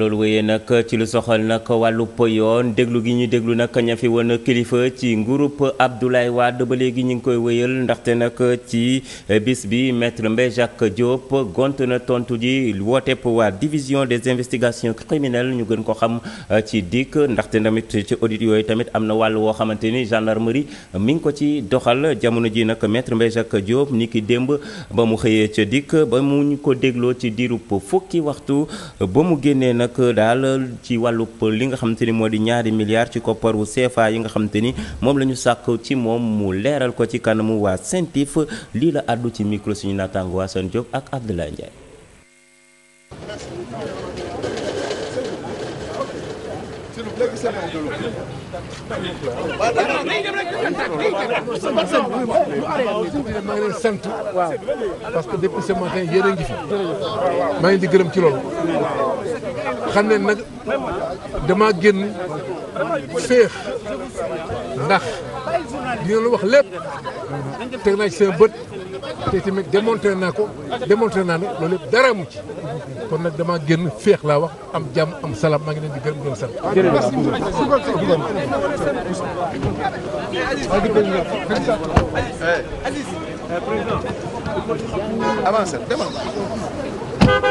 loolu wéyee nag ci lu soxal nag wàllu yoon déglu gi ñu déglu nag ña fi woon kilifa ci nguurub Abdoulaye Wade ba léegi ñu ngi koy wéyal ndaxte nag ci bis bi maître Mbaye Jacques Diop gont na tontu ji wootepp waa division des investigations criminelles ñu gën ko xam euh, ci dikk ndaxte tamit ci audit yooyu tamit am na wàll woo xamante ni gendarmerie mi ngi ko ci doxal jamono ji nag maître Mbaye Jacques Diop ni ki démb ba mu xëyee ca dikk ba mu ñu ko dégloo ci diirub waxtu nag daal ci wàllu li nga xamante ni moo di ñaari milliards ci kopparu CFA yi nga xamante ni moom la ñu sàkk ci moom mu leeral ko ci kanamu waa CENTIF lii la àddu ci micro suñu naataango waa Assane Diop ak Abdoulaye Ndiaye. a xam ne nag damaa génn féex ndax dina la wax lépp teg naa ci seen bët te tamit démontré naa ko démontré naa ne loolu dara mu ci kon nag dama génn feex laa wax am jàmm am salaam maa ngi leen di gërëm di leen sant.